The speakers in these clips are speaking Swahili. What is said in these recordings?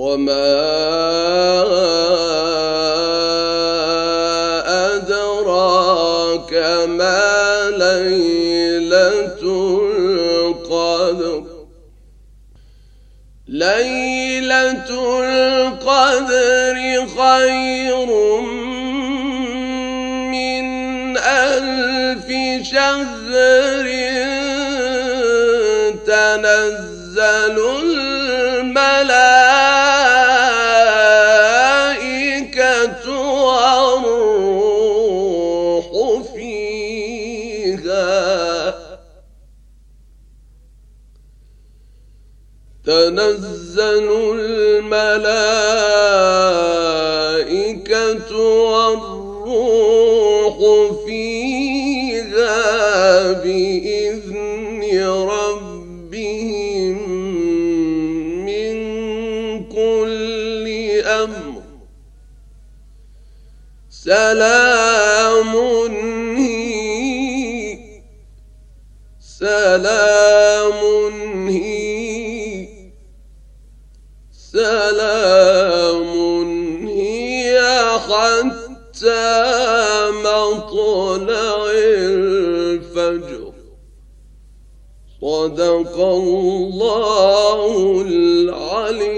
我们。سلام هي سلام هي سلام هي حتى مطلع الفجر صدق الله العليم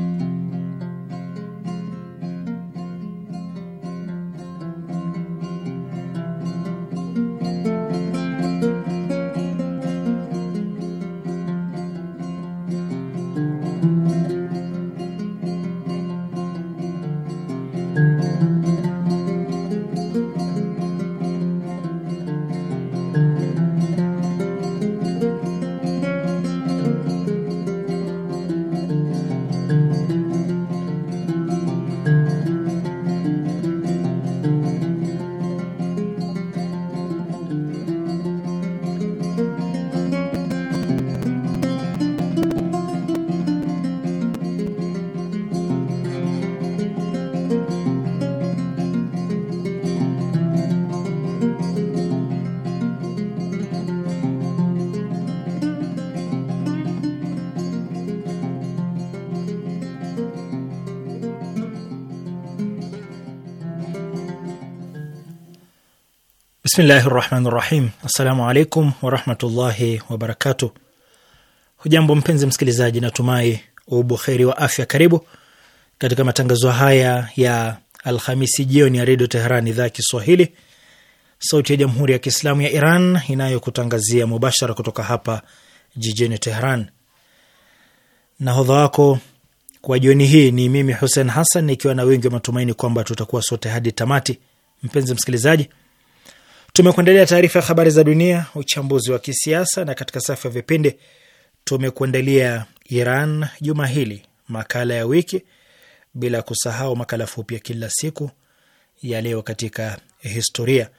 Bismillahi rahmani rahim. Assalamu alaikum warahmatullahi wabarakatu. Hujambo mpenzi msikilizaji, natumai ubuheri wa afya. Karibu katika matangazo haya ya Alhamisi jioni ya Redio Teheran, idhaa ya Kiswahili, sauti ya Jamhuri ya Kiislamu ya Iran inayokutangazia mubashara kutoka hapa jijini Teheran. Nahodha wako kwa jioni hii ni mimi Hussein Hassan, ikiwa na wengi wa matumaini kwamba tutakuwa sote hadi tamati. Mpenzi msikilizaji Tumekuandalia taarifa ya habari za dunia, uchambuzi wa kisiasa, na katika safu ya vipindi tumekuandalia Iran juma hili, makala ya wiki, bila kusahau makala fupi ya kila siku ya leo katika historia.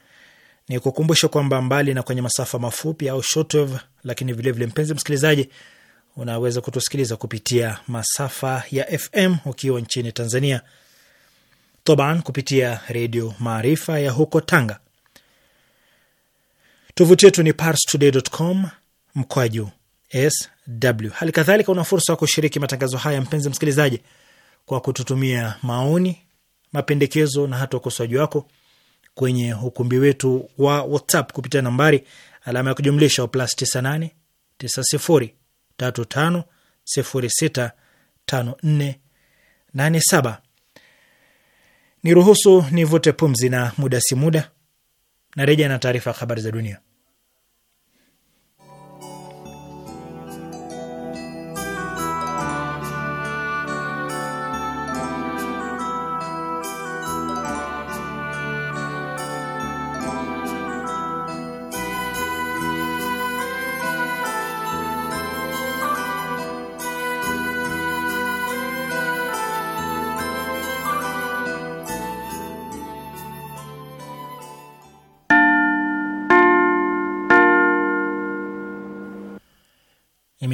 Ni kukumbusha kwamba mbali na kwenye masafa mafupi au shortwave, lakini vilevile vile, mpenzi msikilizaji, unaweza kutusikiliza kupitia masafa ya FM ukiwa nchini Tanzania, toban kupitia Redio Maarifa ya huko Tanga. Tovuti yetu ni parstoday.com mkwaju sw. Hali kadhalika una fursa ya kushiriki matangazo haya, mpenzi msikilizaji, kwa kututumia maoni, mapendekezo na hata ukosoaji wako kwenye ukumbi wetu wa WhatsApp kupitia nambari alama ya kujumlisha plus 98 90 35 06 54 87. Niruhusu nivute pumzi, na muda si muda na reja na taarifa ya habari za dunia.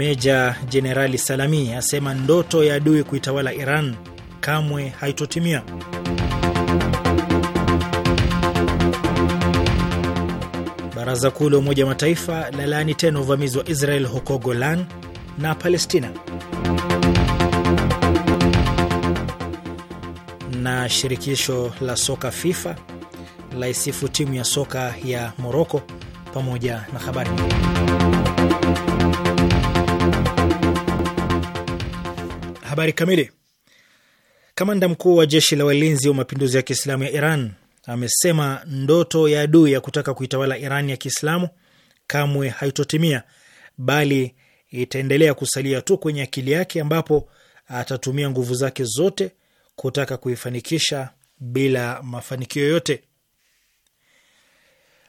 Meja Jenerali Salami asema ndoto ya adui kuitawala Iran kamwe haitotimia. Baraza Kuu la Umoja wa Mataifa lalaani tena uvamizi wa Israel huko Golan na Palestina. Na shirikisho la soka FIFA laisifu timu ya soka ya Moroko, pamoja na habari Habari kamili. Kamanda mkuu wa jeshi la walinzi wa mapinduzi ya Kiislamu ya Iran amesema ndoto ya adui ya kutaka kuitawala Iran ya Kiislamu kamwe haitotimia, bali itaendelea kusalia tu kwenye akili yake, ambapo atatumia nguvu zake zote kutaka kuifanikisha bila mafanikio yote.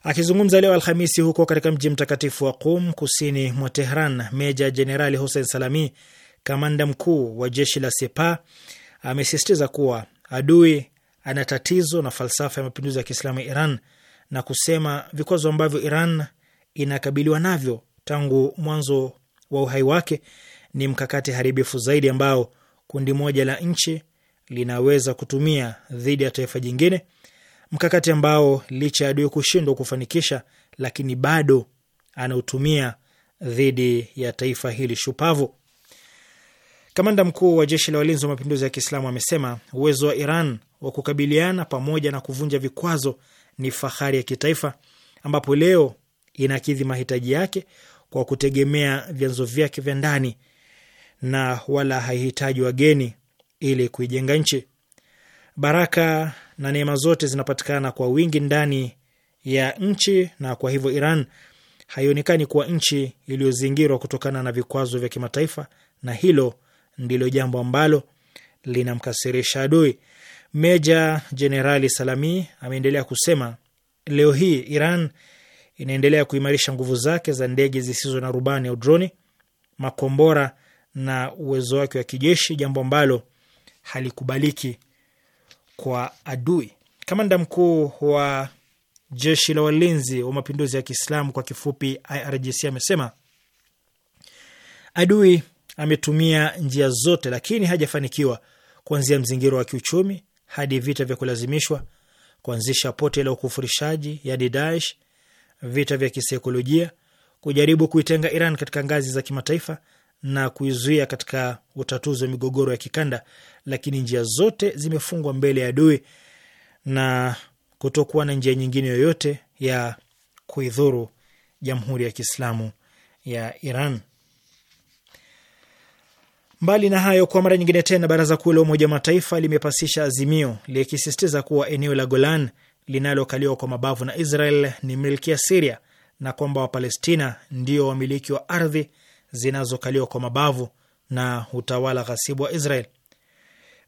Akizungumza leo Alhamisi huko katika mji mtakatifu wa Qum kusini mwa Tehran, meja jenerali Hussein Salami Kamanda mkuu wa jeshi la Sepa amesisitiza kuwa adui ana tatizo na falsafa ya mapinduzi ya Kiislamu ya Iran na kusema vikwazo ambavyo Iran inakabiliwa navyo tangu mwanzo wa uhai wake ni mkakati haribifu zaidi ambao kundi moja la nchi linaweza kutumia dhidi ya taifa jingine, mkakati ambao licha ya adui kushindwa kufanikisha, lakini bado anautumia dhidi ya taifa hili shupavu. Kamanda mkuu wa jeshi la walinzi wa mapinduzi ya Kiislamu amesema uwezo wa Iran wa kukabiliana pamoja na kuvunja vikwazo ni fahari ya kitaifa, ambapo leo inakidhi mahitaji yake kwa kutegemea vyanzo vyake vya ndani na wala haihitaji wageni ili kuijenga nchi. Baraka na neema zote zinapatikana kwa wingi ndani ya nchi, na kwa hivyo Iran haionekani kuwa nchi iliyozingirwa kutokana na vikwazo vya kimataifa, na hilo ndilo jambo ambalo linamkasirisha adui. Meja Jenerali Salami ameendelea kusema leo hii Iran inaendelea kuimarisha nguvu zake za ndege zisizo na rubani au droni, makombora na uwezo wake wa kijeshi, jambo ambalo halikubaliki kwa adui. Kamanda mkuu wa jeshi la walinzi wa mapinduzi ya Kiislamu, kwa kifupi IRGC, amesema adui ametumia njia zote lakini hajafanikiwa, kuanzia mzingiro wa kiuchumi hadi vita vya kulazimishwa, kuanzisha pote la ukufurishaji yani Daesh, vita vya kisaikolojia, kujaribu kuitenga Iran katika ngazi za kimataifa na kuizuia katika utatuzi wa migogoro ya kikanda, lakini njia zote zimefungwa mbele ya adui na kutokuwa na njia nyingine yoyote ya kuidhuru Jamhuri ya Kiislamu ya Iran. Mbali na hayo, kwa mara nyingine tena baraza kuu la Umoja wa Mataifa limepasisha azimio likisisitiza kuwa eneo la Golan linalokaliwa kwa mabavu na Israel ni milki ya Siria na kwamba Wapalestina ndio wamiliki wa ardhi zinazokaliwa kwa mabavu na utawala ghasibu wa Israel.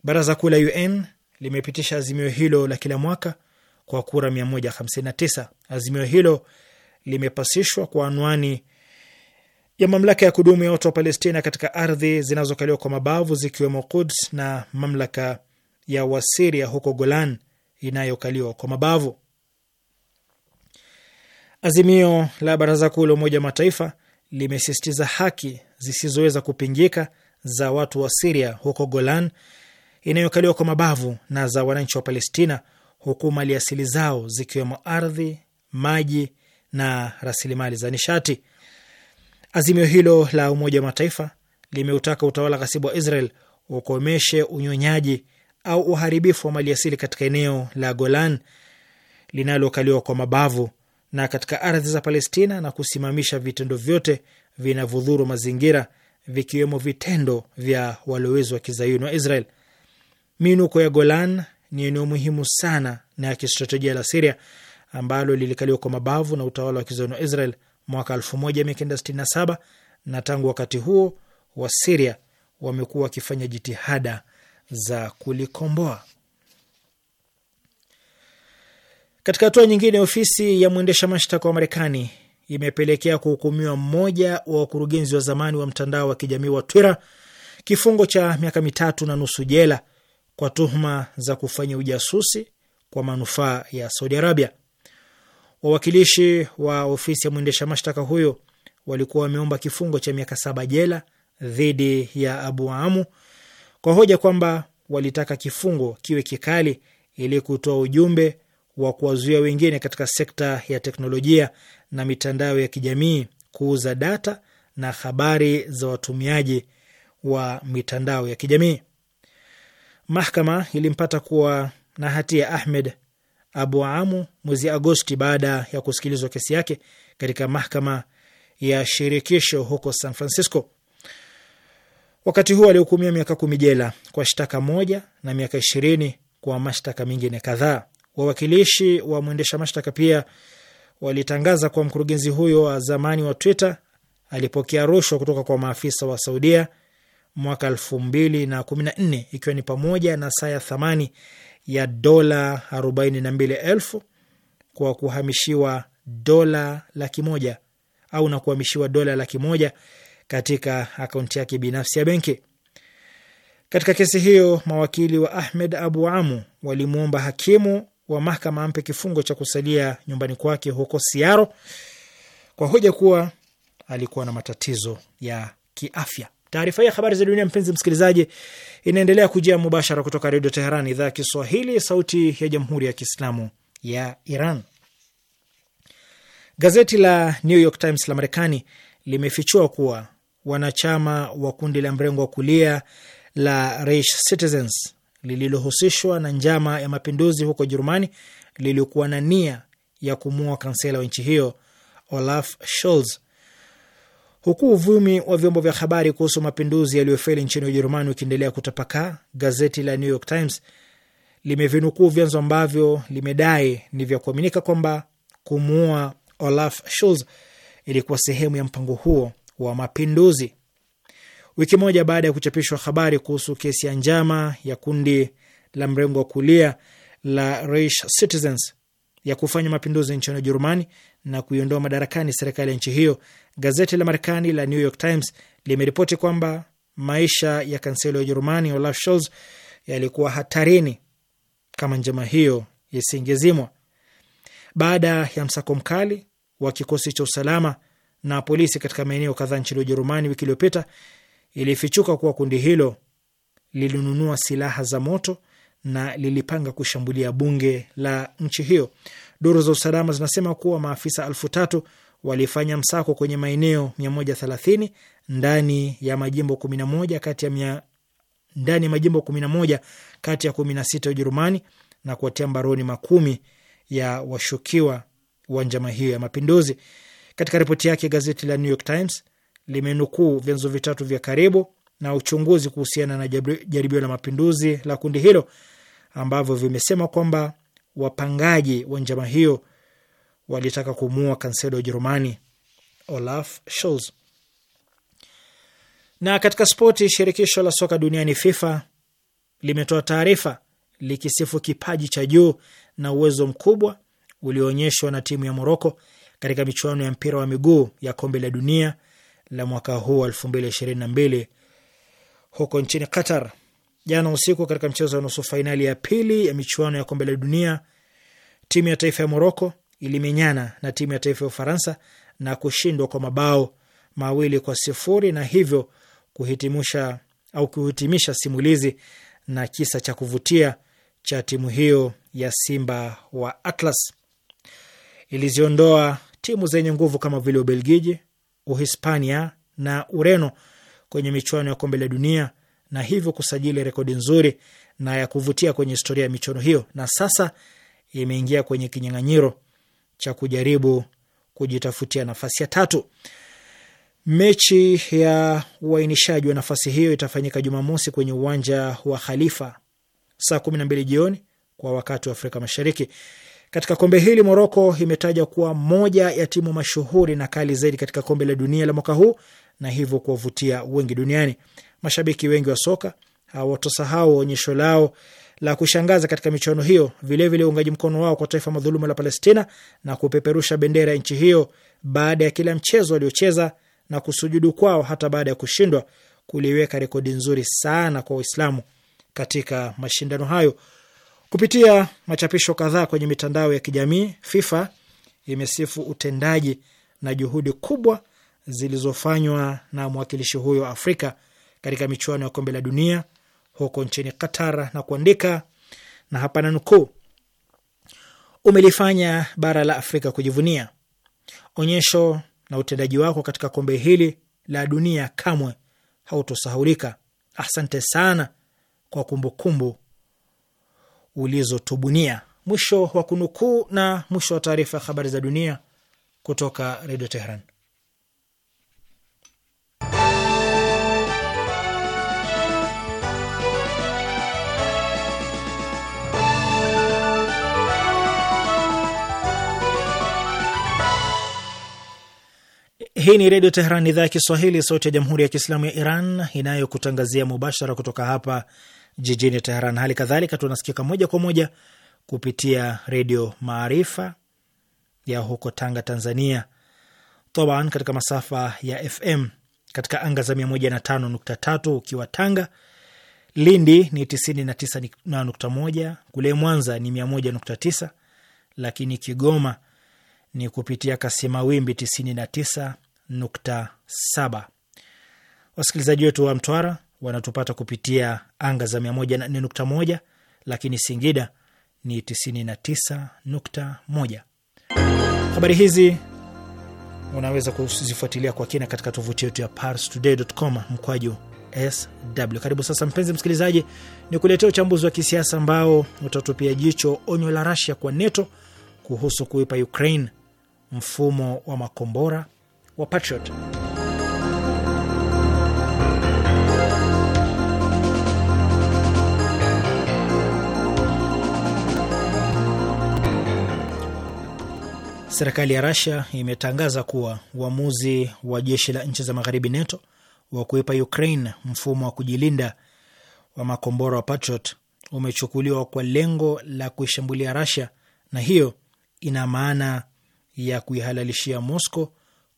Baraza kuu la UN limepitisha azimio hilo la kila mwaka kwa kura 159. Azimio hilo limepasishwa kwa anwani ya mamlaka ya kudumu ya watu wa Palestina katika ardhi zinazokaliwa kwa mabavu zikiwemo Quds na mamlaka ya Wasiria huko Golan inayokaliwa kwa mabavu. Azimio la Baraza Kuu la Umoja wa Mataifa limesisitiza haki zisizoweza kupingika za watu wa Siria huko Golan inayokaliwa kwa mabavu na za wananchi wa Palestina, huku mali asili zao zikiwemo ardhi, maji na rasilimali za nishati. Azimio hilo la Umoja wa Mataifa limeutaka utawala ghasibu wa Israel ukomeshe unyonyaji au uharibifu wa maliasili katika eneo la Golan linalokaliwa kwa mabavu na katika ardhi za Palestina na kusimamisha vitendo vyote vinavyodhuru mazingira vikiwemo vitendo vya walowezi wa kizayuni wa Israel. Minuko ya Golan ni eneo muhimu sana na ya kistratejia la Siria ambalo lilikaliwa kwa mabavu na utawala wa kizayuni wa Israel mwaka 1967 na tangu wakati huo Wasiria wamekuwa wakifanya jitihada za kulikomboa. Katika hatua nyingine, ofisi ya mwendesha mashtaka wa Marekani imepelekea kuhukumiwa mmoja wa wakurugenzi wa zamani wa mtandao wa kijamii wa Twitter kifungo cha miaka mitatu na nusu jela kwa tuhuma za kufanya ujasusi kwa manufaa ya Saudi Arabia. Wawakilishi wa ofisi ya mwendesha mashtaka huyo walikuwa wameomba kifungo cha miaka saba jela dhidi ya Abu Amu kwa hoja kwamba walitaka kifungo kiwe kikali ili kutoa ujumbe wa kuwazuia wengine katika sekta ya teknolojia na mitandao ya kijamii kuuza data na habari za watumiaji wa mitandao ya kijamii. Mahakama ilimpata kuwa na hatia Ahmed Abu Amu mwezi Agosti baada ya kusikilizwa kesi yake katika mahakama ya shirikisho huko San Francisco. Wakati huo alihukumiwa miaka kumi jela kwa shtaka moja na miaka ishirini kwa mashtaka mengine kadhaa. Wawakilishi wa mwendesha mashtaka pia walitangaza kuwa mkurugenzi huyo wa zamani wa Twitter alipokea rushwa kutoka kwa maafisa wa Saudia mwaka elfu mbili na kumi na nne ikiwa ni pamoja na saa ya thamani ya dola arobaini na mbili elfu kwa kuhamishiwa dola laki moja au na kuhamishiwa dola laki moja katika akaunti yake binafsi ya benki. Katika kesi hiyo mawakili wa Ahmed Abu Amu walimwomba hakimu wa mahakama ampe kifungo cha kusalia nyumbani kwake huko Siaro kwa hoja kuwa alikuwa na matatizo ya kiafya. Taarifa hii ya habari za dunia, mpenzi msikilizaji, inaendelea kujia mubashara kutoka Redio Teheran, idhaa ya Kiswahili, sauti ya Jamhuri ya Kiislamu ya Iran. Gazeti la New York Times la Marekani limefichua kuwa wanachama wa kundi la mrengo wa kulia la Reich Citizens lililohusishwa na njama ya mapinduzi huko Jerumani lilikuwa na nia ya kumua kansela wa nchi hiyo Olaf Scholz Huku uvumi wa vyombo vya habari kuhusu mapinduzi yaliyofeli nchini Ujerumani ukiendelea kutapakaa, gazeti la New York Times limevinukuu vyanzo ambavyo limedai ni vya kuaminika kwamba kumuua Olaf Scholz ilikuwa sehemu ya mpango huo wa mapinduzi. Wiki moja baada ya kuchapishwa habari kuhusu kesi ya njama ya kundi la mrengo wa kulia la Reich Citizens ya kufanya mapinduzi nchini Ujerumani na kuiondoa madarakani serikali ya nchi hiyo, Gazeti la Marekani la New York Times limeripoti kwamba maisha ya kanselo ya Ujerumani Olaf Scholz yalikuwa hatarini kama njama hiyo isingezimwa. Baada ya msako mkali wa kikosi cha usalama na polisi katika maeneo kadhaa nchini Ujerumani wiki iliyopita, ilifichuka kuwa kundi hilo lilinunua silaha za moto na lilipanga kushambulia bunge la nchi hiyo. Duru za usalama zinasema kuwa maafisa elfu tatu walifanya msako kwenye maeneo 130 ndani ya majimbo 11 kati ya mia, ndani ya majimbo 11 kati ya 16 ya Ujerumani na kuwatia mbaroni makumi ya washukiwa wa njama hiyo ya mapinduzi. Katika ripoti yake, gazeti la New York Times limenukuu vyanzo vitatu vya karibu na uchunguzi kuhusiana na jaribio la mapinduzi la kundi hilo ambavyo vimesema kwamba wapangaji wa njama hiyo walitaka kumua kansela wa Ujerumani Olaf Scholz. Na katika spoti, shirikisho la soka duniani FIFA limetoa taarifa likisifu kipaji cha juu na uwezo mkubwa ulioonyeshwa na timu ya Moroko katika michuano ya mpira wa miguu ya kombe la dunia la mwaka huu elfu mbili ishirini na mbili huko nchini Qatar. Jana usiku katika mchezo wa nusu fainali ya pili ya michuano ya kombe la dunia, timu ya taifa ya Moroko ilimenyana na timu ya taifa ya Ufaransa na kushindwa kwa mabao mawili kwa sifuri na hivyo kuhitimisha au kuhitimisha simulizi na kisa cha kuvutia cha timu hiyo ya Simba wa Atlas. Iliziondoa timu zenye nguvu kama vile Ubelgiji, Uhispania na Ureno kwenye michuano ya kombe la dunia na hivyo kusajili rekodi nzuri na ya kuvutia kwenye historia ya michuano hiyo, na sasa imeingia kwenye kinyang'anyiro cha kujaribu kujitafutia nafasi ya tatu. Mechi ya uainishaji wa nafasi hiyo itafanyika Jumamosi kwenye uwanja wa Khalifa saa kumi na mbili jioni kwa wakati wa Afrika Mashariki. Katika kombe hili Moroko imetaja kuwa moja ya timu mashuhuri na kali zaidi katika kombe la dunia la mwaka huu na hivyo kuwavutia wengi duniani. Mashabiki wengi wa soka hawatosahau onyesho lao la kushangaza katika michuano hiyo, vilevile uungaji vile mkono wao kwa taifa madhuluma la Palestina na kupeperusha bendera ya nchi hiyo baada ya kila mchezo waliocheza na kusujudu kwao hata baada ya kushindwa kuliweka rekodi nzuri sana kwa Waislamu katika mashindano hayo. Kupitia machapisho kadhaa kwenye mitandao ya kijamii, FIFA imesifu utendaji na juhudi kubwa zilizofanywa na mwakilishi huyo Afrika katika michuano ya kombe la dunia huko nchini Qatar na kuandika, na hapa na nukuu, umelifanya bara la Afrika kujivunia onyesho na utendaji wako katika kombe hili la dunia kamwe hautosahulika. Asante sana kwa kumbukumbu ulizotubunia. Mwisho wa kunukuu na mwisho wa taarifa ya habari za dunia kutoka Redio Teheran. Hii ni Redio Teheran, idhaa ya Kiswahili, sauti ya Jamhuri ya Kiislamu ya Iran inayokutangazia mubashara kutoka hapa jijini Teheran. Hali kadhalika tunasikika moja kwa moja kupitia Redio Maarifa ya huko Tanga, Tanzania, toban katika masafa ya FM katika anga za 105.3 ukiwa Tanga. Lindi ni 99.1, kule Mwanza ni 101.9, lakini Kigoma ni kupitia kasima wimbi 99.7. Wasikilizaji wetu wa Mtwara wanatupata kupitia anga za 104.1, lakini Singida ni 99.1. Habari hizi unaweza kuzifuatilia kwa kina katika tovuti yetu ya parstoday.com mkwaju sw. Karibu sasa, mpenzi msikilizaji, ni kuletea uchambuzi wa kisiasa ambao utatupia jicho onyo la Rasia kwa Neto kuhusu kuipa Ukraine mfumo wa makombora wa Patriot. Serikali ya Rasia imetangaza kuwa uamuzi wa jeshi la nchi za magharibi NATO wa kuipa Ukraine mfumo wa kujilinda wa makombora wa Patriot umechukuliwa kwa lengo la kuishambulia Rasia, na hiyo ina maana ya kuihalalishia mosco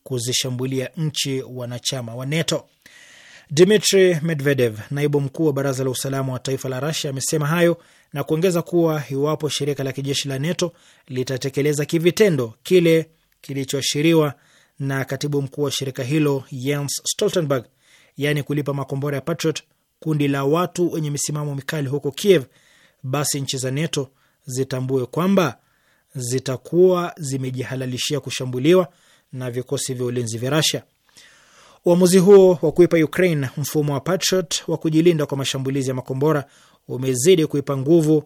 kuzishambulia nchi wanachama wa NATO. Dmitri Medvedev, naibu mkuu wa baraza la usalama wa taifa la Rasia, amesema hayo na kuongeza kuwa iwapo shirika la kijeshi la NATO litatekeleza kivitendo kile kilichoashiriwa na katibu mkuu wa shirika hilo Jens Stoltenberg, yaani kulipa makombora ya Patriot kundi la watu wenye misimamo mikali huko Kiev, basi nchi za NATO zitambue kwamba zitakuwa zimejihalalishia kushambuliwa na vikosi vya ulinzi vya Rasia. Uamuzi huo wa kuipa Ukraine mfumo wa Patriot wa kujilinda kwa mashambulizi ya makombora umezidi kuipa nguvu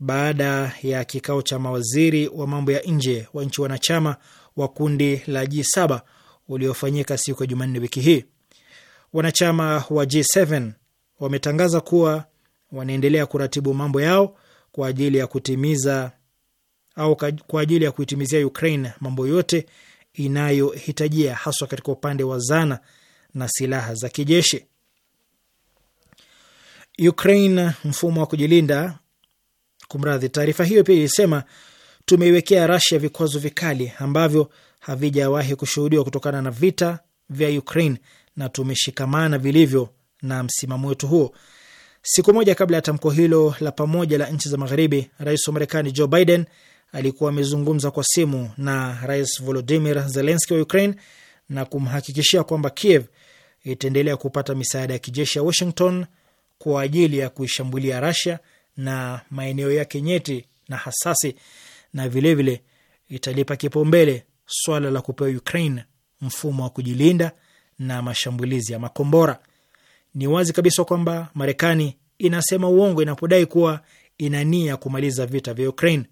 baada ya kikao cha mawaziri wa mambo ya nje wa nchi wanachama wa kundi la G7 uliofanyika siku ya Jumanne wiki hii. Wanachama wa G7 wametangaza kuwa wanaendelea kuratibu mambo yao kwa ajili ya kutimiza au kwa ajili ya kuitimizia Ukraine mambo yote inayohitajia haswa katika upande wa zana na silaha za kijeshi. Ukraine mfumo wa kujilinda kumradhi. Taarifa hiyo pia ilisema tumeiwekea Russia vikwazo vikali ambavyo havijawahi kushuhudiwa kutokana na vita vya Ukraine na tumeshikamana vilivyo na msimamo wetu huo. Siku moja kabla ya tamko hilo la pamoja la nchi za Magharibi, rais wa Marekani Joe Biden alikuwa amezungumza kwa simu na Rais Volodimir Zelenski wa Ukraine na kumhakikishia kwamba Kiev itaendelea kupata misaada ya kijeshi ya Washington kwa ajili ya kuishambulia Rasia na maeneo yake nyeti na hasasi, na vilevile vile italipa kipaumbele swala la kupewa Ukraine mfumo wa kujilinda na mashambulizi ya makombora. Ni wazi kabisa kwamba Marekani inasema uongo inapodai kuwa ina nia kumaliza vita vya Ukraine.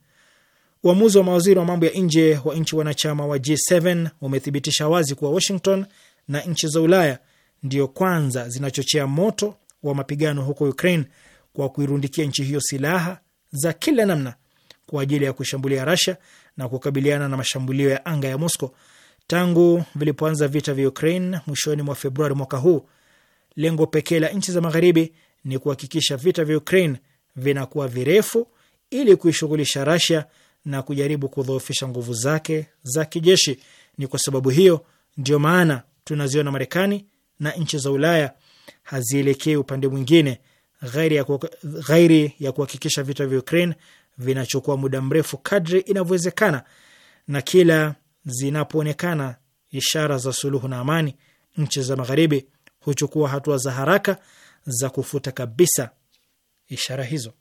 Uamuzi wa mawaziri wa mambo ya nje wa nchi wanachama wa G7 umethibitisha wazi kuwa Washington na nchi za Ulaya ndiyo kwanza zinachochea moto wa mapigano huko Ukraine kwa kuirundikia nchi hiyo silaha za kila namna kwa ajili ya kushambulia Russia na kukabiliana na mashambulio ya anga ya Moscow. Tangu vilipoanza vita vya vi Ukraine mwishoni mwa Februari mwaka huu, lengo pekee la nchi za magharibi ni kuhakikisha vita vya vi Ukraine vinakuwa virefu ili kuishughulisha Russia na kujaribu kudhoofisha nguvu zake za kijeshi. Ni kwa sababu hiyo ndio maana tunaziona Marekani na nchi za Ulaya hazielekei upande mwingine ghairi ya kuhakikisha vita vya Ukraine vinachukua muda mrefu kadri inavyowezekana, na kila zinapoonekana ishara za suluhu na amani, nchi za Magharibi huchukua hatua za haraka za kufuta kabisa ishara hizo.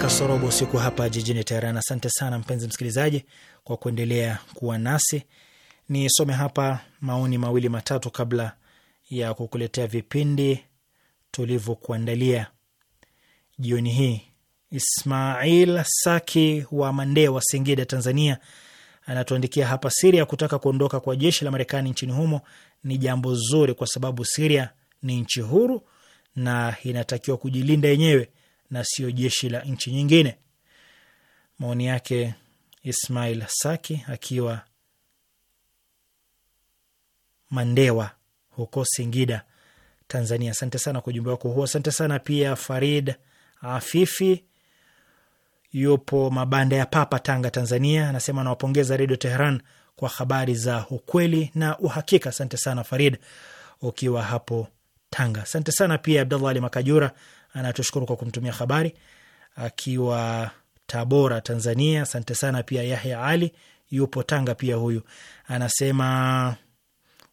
kasorobo usiku hapa jijini Teheran. Asante sana mpenzi msikilizaji kwa kuendelea kuwa nasi. Nisome hapa maoni mawili matatu kabla ya kukuletea vipindi tulivyokuandalia jioni hii. Ismail Saki wa mande wa Singida, Tanzania, anatuandikia hapa, Siria kutaka kuondoka kwa jeshi la Marekani nchini humo ni jambo zuri, kwa sababu Siria ni nchi huru na inatakiwa kujilinda yenyewe na sio jeshi la nchi nyingine. Maoni yake Ismail Saki akiwa Mandewa huko Singida, Tanzania. Asante sana kwa ujumbe wako huo. Asante sana pia Farid Afifi yupo mabanda ya Papa, Tanga, Tanzania, anasema anawapongeza Redio Teheran kwa habari za ukweli na uhakika. Asante sana Farid ukiwa hapo Tanga. Asante sana pia Abdallah Ali Makajura anatushukuru kwa kumtumia habari akiwa Tabora, Tanzania. Asante sana. Pia Yahya Ali yupo Tanga, pia huyu anasema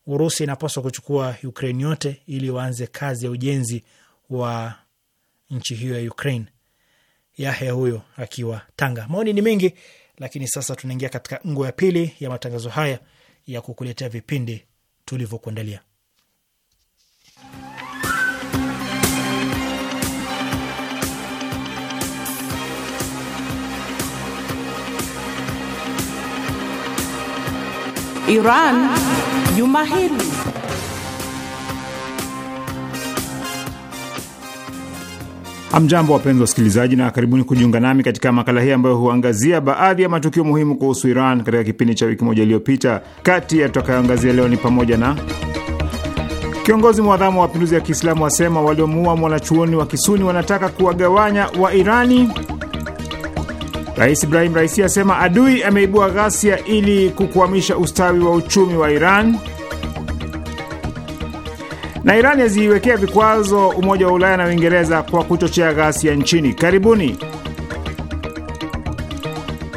Urusi inapaswa kuchukua Ukraine yote ili waanze kazi ya ujenzi wa nchi hiyo ya Ukraine. Yahya huyo akiwa Tanga. Maoni ni mengi, lakini sasa tunaingia katika ngo ya pili ya matangazo haya ya kukuletea vipindi tulivyokuandalia. Iran juma hili. Hamjambo, wapenzi wasikilizaji, na karibuni kujiunga nami katika makala hii ambayo huangazia baadhi ya matukio muhimu kuhusu Iran katika kipindi cha wiki moja iliyopita. Kati ya tutakayoangazia leo ni pamoja na Kiongozi mwadhamu wa mapinduzi ya Kiislamu wasema waliomuua mwanachuoni wa Kisuni wanataka kuwagawanya Wairani. Rais Ibrahim Raisi asema adui ameibua ghasia ili kukwamisha ustawi wa uchumi wa Iran, na Iran yaziiwekea vikwazo Umoja wa Ulaya na Uingereza kwa kuchochea ghasia nchini. Karibuni.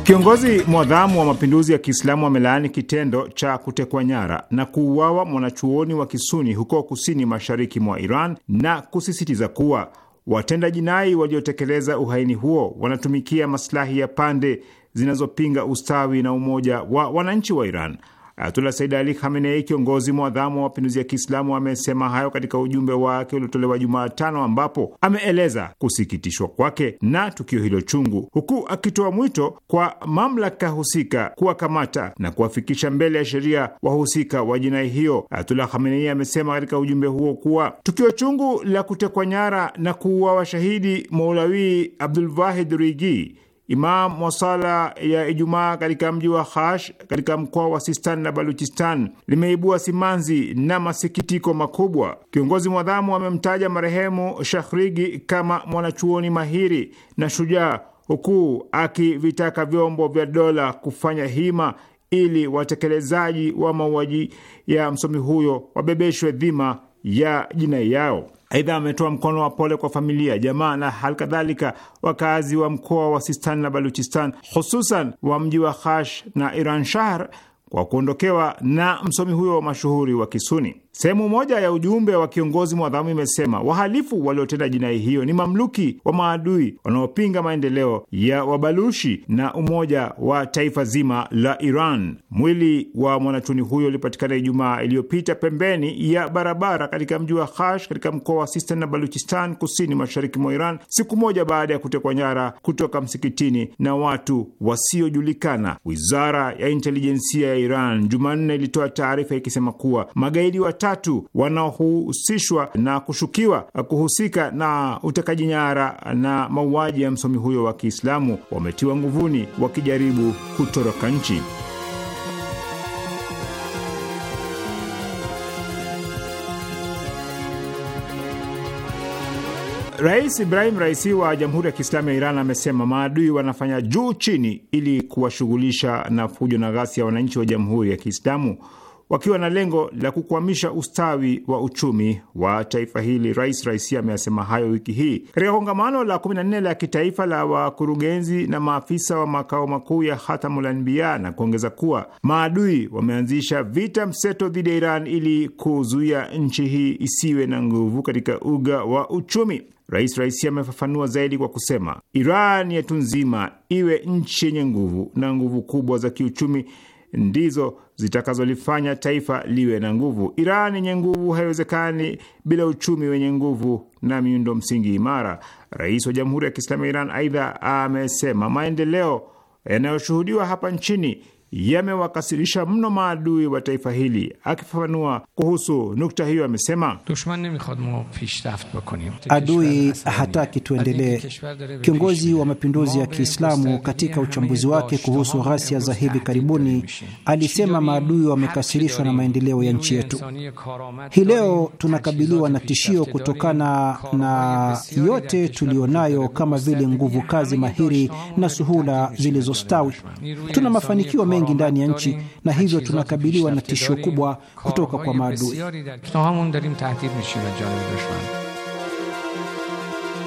Kiongozi mwadhamu wa mapinduzi ya Kiislamu amelaani kitendo cha kutekwa nyara na kuuawa mwanachuoni wa kisuni huko kusini mashariki mwa Iran na kusisitiza kuwa Watenda jinai waliotekeleza uhaini huo wanatumikia masilahi ya pande zinazopinga ustawi na umoja wa wananchi wa Iran. Ayatullah Said Ali Khamenei, kiongozi mwadhamu wa mapinduzi ya Kiislamu, amesema hayo katika ujumbe wake uliotolewa Jumatano, ambapo ameeleza kusikitishwa kwake na tukio hilo chungu, huku akitoa mwito kwa mamlaka husika kuwakamata na kuwafikisha mbele ya sheria wahusika wa jinai hiyo. Ayatullah Khamenei amesema katika ujumbe huo kuwa tukio chungu la kutekwa nyara na kuuawa shahidi Maulawi Abdulwahid Rigi Imam wa sala ya Ijumaa katika mji wa Hash katika mkoa wa Sistan na Baluchistan limeibua simanzi na masikitiko makubwa. Kiongozi mwadhamu amemtaja marehemu Shahrigi kama mwanachuoni mahiri na shujaa, huku akivitaka vyombo vya dola kufanya hima ili watekelezaji wa mauaji ya msomi huyo wabebeshwe dhima ya jinai yao. Aidha, ametoa mkono wa pole kwa familia, jamaa na kadhalika wakazi wa mkoa wa Sistan na Baluchistan, hususan wa mji wa Khash na Iran Shahr kwa kuondokewa na msomi huyo wa mashuhuri wa Kisuni. Sehemu moja ya ujumbe wa kiongozi mwadhamu imesema wahalifu waliotenda jinai hiyo ni mamluki wa maadui wanaopinga maendeleo ya wabalushi na umoja wa taifa zima la Iran. Mwili wa mwanachuni huyo ulipatikana Ijumaa iliyopita pembeni ya barabara katika mji wa Khash katika mkoa wa Sistan na Baluchistan, kusini mashariki mwa Iran, siku moja baada ya kutekwa nyara kutoka msikitini na watu wasiojulikana. Wizara ya intelijensia ya Iran Jumanne ilitoa taarifa ikisema kuwa magaidi wa watatu wanaohusishwa na kushukiwa kuhusika na utekaji nyara na mauaji ya msomi huyo wa Kiislamu wametiwa nguvuni wakijaribu kutoroka nchi. Rais Ibrahim Raisi wa Jamhuri ya Kiislamu ya Iran amesema maadui wanafanya juu chini ili kuwashughulisha na fujo na ghasia ya wananchi wa Jamhuri ya Kiislamu wakiwa na lengo la kukwamisha ustawi wa uchumi wa taifa hili. Rais Raisi ameyasema hayo wiki hii katika kongamano la 14 la kitaifa la wakurugenzi na maafisa wa makao makuu ya Hatamul Anbiya na kuongeza kuwa maadui wameanzisha vita mseto dhidi ya Iran ili kuzuia nchi hii isiwe na nguvu katika uga wa uchumi. Rais Raisi amefafanua zaidi kwa kusema, Iran yetu nzima iwe nchi yenye nguvu na nguvu kubwa za kiuchumi ndizo zitakazolifanya taifa liwe na nguvu. Iran yenye nguvu haiwezekani bila uchumi wenye nguvu na miundo msingi imara. Rais wa Jamhuri ya Kiislamu ya Iran aidha amesema maendeleo yanayoshuhudiwa hapa nchini yamewakasirisha mno maadui wa taifa hili. Akifafanua kuhusu nukta hiyo, amesema adui hataki tuendelee. Kiongozi wa mapinduzi ya Kiislamu katika uchambuzi wake kuhusu ghasia za hivi karibuni alisema maadui wamekasirishwa na maendeleo ya nchi yetu. Hii leo tunakabiliwa na tishio kutokana na yote tuliyonayo kama vile nguvu kazi mahiri na suhula zilizostawi. Tuna mafanikio mengi mengi ndani ya nchi, na hivyo tunakabiliwa na tishio kubwa kutoka kwa maadui.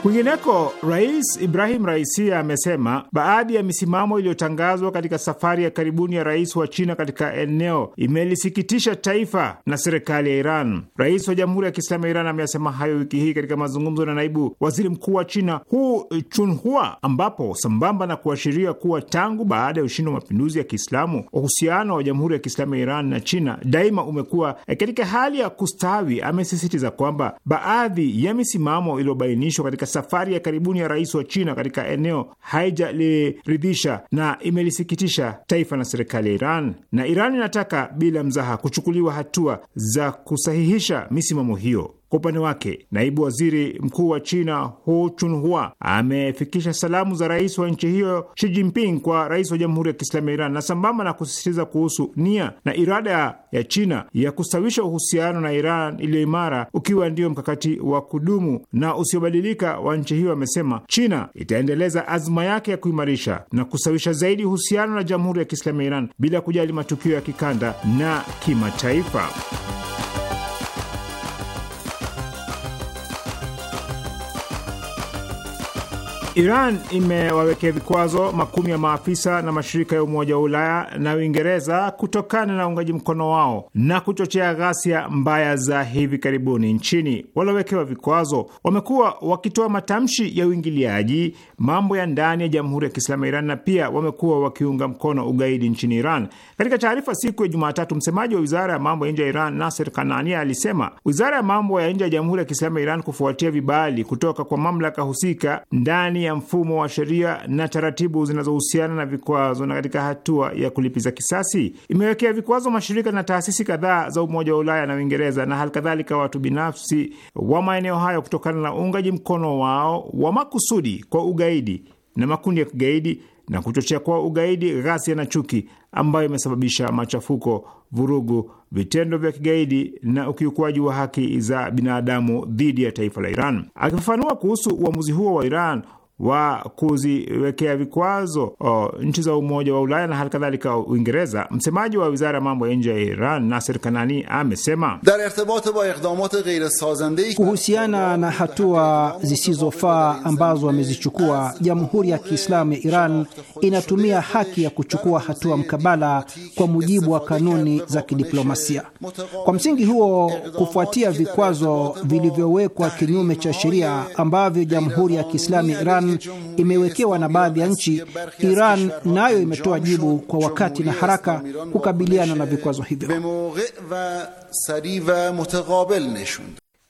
Kwingineko, Rais Ibrahim Raisi amesema baadhi ya misimamo iliyotangazwa katika safari ya karibuni ya rais wa China katika eneo imelisikitisha taifa na serikali ya Iran. Rais wa Jamhuri ya Kiislamu ya Iran ameyasema hayo wiki hii katika mazungumzo na naibu waziri mkuu wa China Hu Chunhua, ambapo sambamba na kuashiria kuwa tangu baada ya ushindi wa mapinduzi ya Kiislamu uhusiano wa Jamhuri ya Kiislamu ya Iran na China daima umekuwa eh, katika hali ya kustawi, amesisitiza kwamba baadhi ya misimamo iliyobainishwa katika safari ya karibuni ya rais wa China katika eneo haijaliridhisha na imelisikitisha taifa na serikali ya Iran, na Iran inataka bila mzaha kuchukuliwa hatua za kusahihisha misimamo hiyo. Kwa upande wake, naibu waziri mkuu wa China Hu Chunhua amefikisha salamu za rais wa nchi hiyo Xi Jinping kwa rais wa Jamhuri ya Kiislamu ya Iran na sambamba na kusisitiza kuhusu nia na irada ya China ya kustawisha uhusiano na Iran iliyo imara, ukiwa ndio mkakati wa kudumu na usiobadilika wa nchi hiyo, amesema China itaendeleza azma yake ya kuimarisha na kustawisha zaidi uhusiano na Jamhuri ya Kiislamu ya Iran bila kujali matukio ya kikanda na kimataifa. Iran imewawekea vikwazo makumi ya maafisa na mashirika ya Umoja wa Ulaya na Uingereza kutokana na uungaji mkono wao na kuchochea ghasia mbaya za hivi karibuni nchini. Waliowekewa vikwazo wamekuwa wakitoa matamshi ya uingiliaji mambo ya ndani ya Jamhuri ya Kiislamu ya Iran na pia wamekuwa wakiunga mkono ugaidi nchini Iran. Katika taarifa siku ya Jumatatu, msemaji wa wizara ya mambo ya nje ya Iran Nasser Kanania alisema wizara ya mambo ya nje ya Jamhuri ya Kiislamu ya Iran kufuatia vibali kutoka kwa mamlaka husika ndani ya mfumo wa sheria na taratibu zinazohusiana na vikwazo, na katika hatua ya kulipiza kisasi imewekea vikwazo mashirika na taasisi kadhaa za Umoja wa Ulaya na Uingereza na halikadhalika watu binafsi wa maeneo hayo kutokana na uungaji mkono wao wa makusudi kwa ugaidi na makundi ya kigaidi na kuchochea kwa ugaidi, ghasia na chuki, ambayo imesababisha machafuko, vurugu, vitendo vya kigaidi na ukiukwaji wa haki za binadamu dhidi ya taifa la Iran. Akifafanua kuhusu uamuzi huo wa Iran wa kuziwekea vikwazo oh, nchi za Umoja wa Ulaya na halikadhalika Uingereza. Msemaji wa wizara ya mambo ya nje ya Iran Naser Kanani amesema kuhusiana na hatua zisizofaa ambazo wamezichukua, Jamhuri ya Kiislamu ya Iran inatumia haki ya kuchukua hatua mkabala kwa mujibu wa kanuni za kidiplomasia. Kwa msingi huo, kufuatia vikwazo vilivyowekwa kinyume cha sheria ambavyo Jamhuri ya Kiislamu ya Iran Iran imewekewa na baadhi ya nchi, Iran nayo imetoa jibu kwa wakati na haraka kukabiliana na vikwazo hivyo.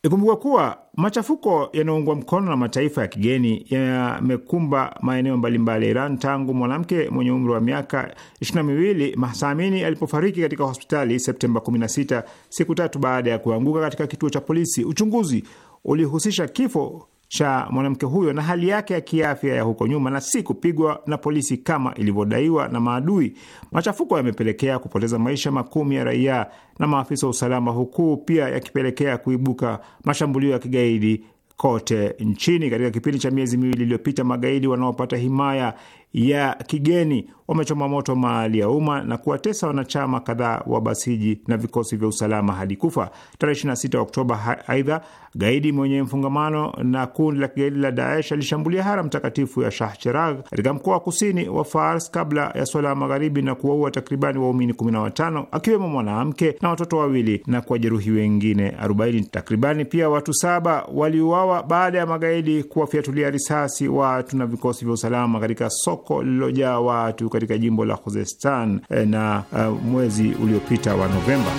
Ikumbuka kuwa machafuko yanayoungwa mkono na mataifa ya kigeni yamekumba maeneo mbalimbali ya Iran tangu mwanamke mwenye umri wa miaka ishirini na miwili Mahsa Amini alipofariki katika hospitali Septemba 16 siku tatu baada ya kuanguka katika kituo cha polisi. Uchunguzi ulihusisha kifo cha mwanamke huyo na hali yake ya kiafya ya huko nyuma, na si kupigwa na polisi kama ilivyodaiwa na maadui. Machafuko yamepelekea kupoteza maisha makumi ya raia na maafisa wa usalama, huku pia yakipelekea kuibuka mashambulio ya kigaidi kote nchini. Katika kipindi cha miezi miwili iliyopita, magaidi wanaopata himaya ya kigeni wamechoma moto mali ya umma na kuwatesa wanachama kadhaa wa Basiji na vikosi vya usalama hadi kufa tarehe 26 Oktoba. Aidha, gaidi mwenye mfungamano na kundi la kigaidi la Daesh alishambulia haram takatifu ya Shah Cheragh katika mkoa wa kusini wa Fars kabla ya swala ya magharibi na kuwaua takribani waumini 15 akiwemo mwanamke na watoto wawili na kuwajeruhi wengine 40. Takribani pia watu saba waliuawa baada ya magaidi kuwafyatulia risasi watu na vikosi vya usalama katika soko lililojaa watu katika jimbo la Khuzestan eh, na eh, mwezi uliopita wa Novemba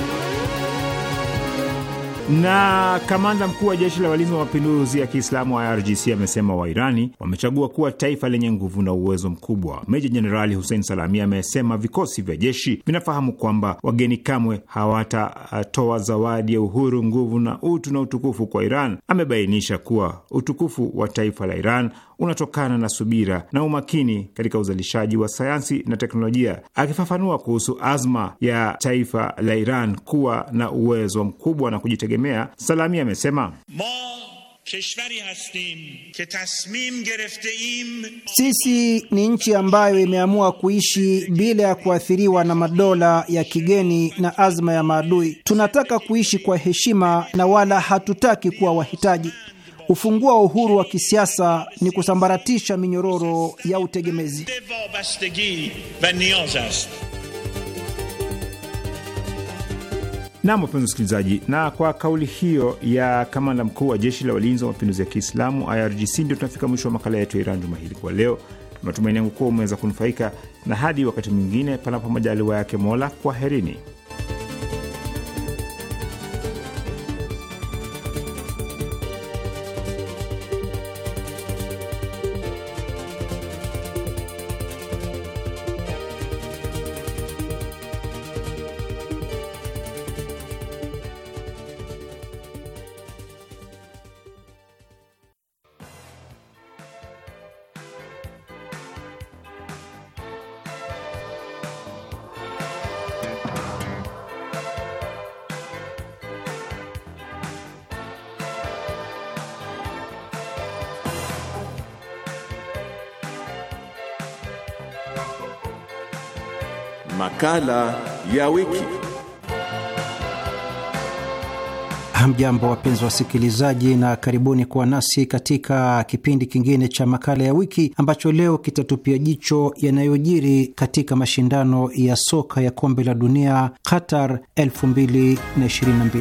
na kamanda mkuu wa jeshi la walinzi wa mapinduzi ya Kiislamu wa IRGC amesema Wairani wamechagua kuwa taifa lenye nguvu na uwezo mkubwa. Meja Jenerali Hussein Salami amesema vikosi vya jeshi vinafahamu kwamba wageni kamwe hawatatoa zawadi ya uhuru, nguvu na utu na utukufu kwa Iran. Amebainisha kuwa utukufu wa taifa la Iran unatokana na subira na umakini katika uzalishaji wa sayansi na teknolojia. Akifafanua kuhusu azma ya taifa la Iran kuwa na uwezo mkubwa na kujitegemea, Salami amesema sisi ni nchi ambayo imeamua kuishi bila ya kuathiriwa na madola ya kigeni na azma ya maadui. Tunataka kuishi kwa heshima na wala hatutaki kuwa wahitaji. Ufunguo wa uhuru wa kisiasa ni kusambaratisha minyororo ya utegemezi. Nam, wapenzi msikilizaji na kwa kauli hiyo ya kamanda mkuu wa jeshi la walinzi wa mapinduzi ya Kiislamu, IRGC, ndio tunafika mwisho wa makala yetu ya Iran juma hili kwa leo. Matumaini yangu kuwa umeweza kunufaika, na hadi wakati mwingine, panapo majaliwa yake Mola, kwaherini. ya wiki. Hamjambo, wapenzi wasikilizaji, na karibuni kuwa nasi katika kipindi kingine cha makala ya wiki ambacho leo kitatupia jicho yanayojiri katika mashindano ya soka ya kombe la dunia Qatar 2022.